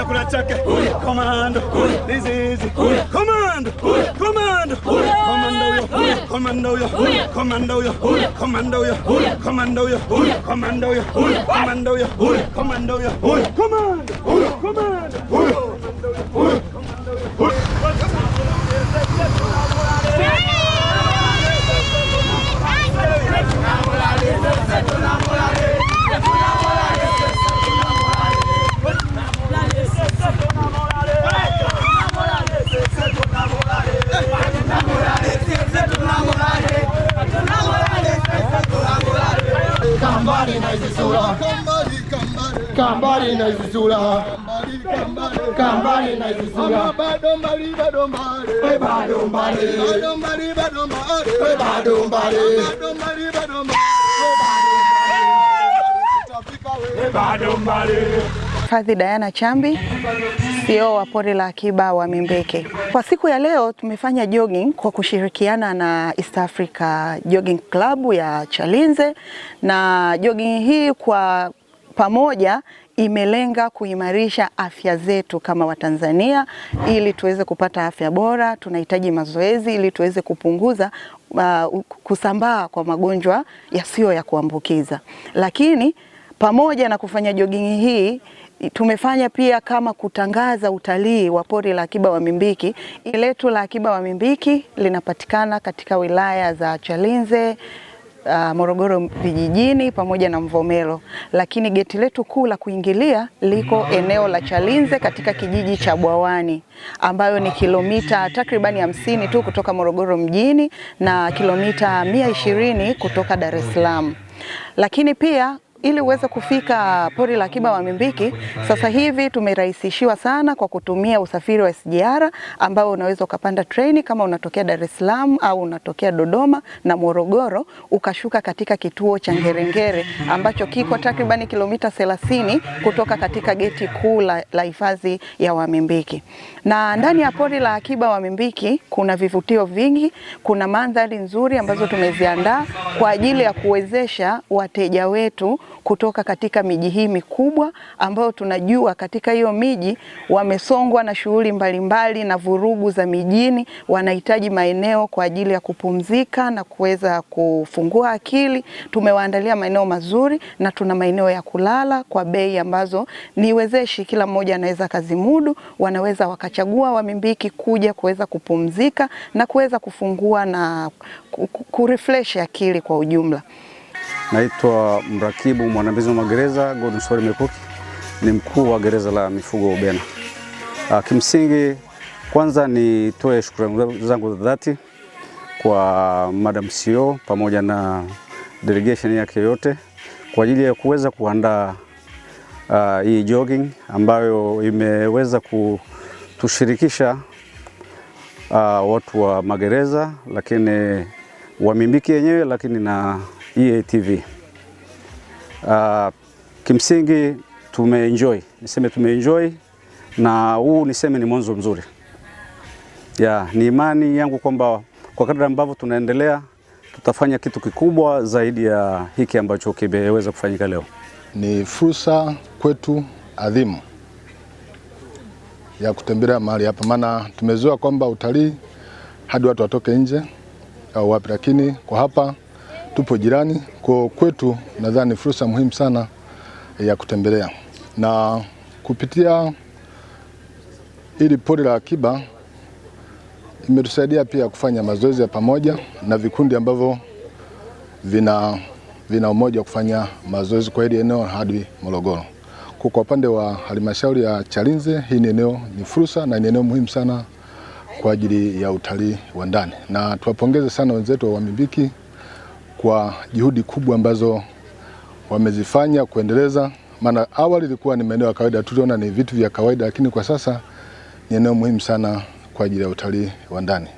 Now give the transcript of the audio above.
chakula chake komando lizizi komando komando komando huyo komando huyo komando huyo komando huyo komando huyo komando huyo komando huyo komando huyo komando huyo komando huyo komando huyo kambali na zizula kambali na zizula bado mbali bado mbali we bado mbali bado mbali bado mbali we bado mbali bado mbali bado mbali bado mbali Hifadhi Diana Chambi CEO wa Pori la Akiba wa Mimbeke. Kwa siku ya leo tumefanya jogging kwa kushirikiana na East Africa Jogging Club ya Chalinze na jogging hii kwa pamoja imelenga kuimarisha afya zetu kama Watanzania ili tuweze kupata afya bora. Tunahitaji mazoezi ili tuweze kupunguza uh, kusambaa kwa magonjwa yasiyo ya kuambukiza. Lakini pamoja na kufanya jogging hii tumefanya pia kama kutangaza utalii wa pori la akiba Wamimbiki. Letu la akiba Wamimbiki linapatikana katika wilaya za Chalinze uh, Morogoro vijijini pamoja na Mvomero, lakini geti letu kuu la kuingilia liko mm-hmm. eneo la Chalinze katika kijiji cha Bwawani ambayo ni kilomita takribani hamsini tu kutoka Morogoro mjini na kilomita mia ishirini kutoka Dar es Salaam, lakini pia ili uweze kufika pori la akiba Wamimbiki, sasa hivi tumerahisishiwa sana kwa kutumia usafiri wa SGR ambao unaweza ukapanda treni kama unatokea Dar es Salaam au unatokea Dodoma na Morogoro, ukashuka katika kituo cha Ngerengere ambacho kiko takribani kilomita 30 kutoka katika geti kuu la hifadhi ya Wamimbiki. Na ndani ya pori la akiba Mimbiki kuna vivutio vingi, kuna mandhari nzuri ambazo tumeziandaa kwa ajili ya kuwezesha wateja wetu kutoka katika miji hii mikubwa ambayo tunajua katika hiyo miji wamesongwa na shughuli mbalimbali na vurugu za mijini, wanahitaji maeneo kwa ajili ya kupumzika na kuweza kufungua akili. Tumewaandalia maeneo mazuri na tuna maeneo ya kulala kwa bei ambazo ni kila mmoja anaweza kazimudu. Wanaweza wakachagua Wamimbiki kuja kuweza kupumzika na kuweza kufungua na kurefresh akili kwa ujumla. Naitwa mrakibu mwandamizi wa magereza Godson Mekuki, ni mkuu wa gereza la mifugo Ubena. Ah, kimsingi, kwanza nitoe shukrani zangu za dhati kwa Madam CEO pamoja na delegation yake yote kwa ajili ya kuweza kuandaa uh, hii jogging ambayo imeweza kutushirikisha uh, watu wa magereza, lakini wamimbiki yenyewe, lakini na EATV. Uh, ah, kimsingi tumeenjoy, niseme tumeenjoy na huu niseme ni mwanzo mzuri ya, ni imani yangu kwamba kwa kadri ambavyo tunaendelea tutafanya kitu kikubwa zaidi ya hiki ambacho kimeweza kufanyika leo. Ni fursa kwetu adhimu ya kutembelea mahali hapa, maana tumezoea kwamba utalii hadi watu watoke nje au wapi, lakini kwa hapa tupo jirani, kwa kwetu nadhani fursa muhimu sana ya kutembelea na kupitia ili pori la akiba imetusaidia pia kufanya mazoezi ya pamoja na vikundi ambavyo vina, vina umoja wa kufanya mazoezi kwa hili eneo hadi Morogoro. Kwa upande wa halmashauri ya Chalinze, hii ni eneo ni fursa na ni eneo muhimu sana kwa ajili ya utalii wa ndani, na tuwapongeze sana wenzetu wa Wamiliki kwa juhudi kubwa ambazo wamezifanya kuendeleza, maana awali ilikuwa ni maeneo ya kawaida, tuliona ni vitu vya kawaida, lakini kwa sasa ni eneo muhimu sana kwa ajili ya utalii wa ndani.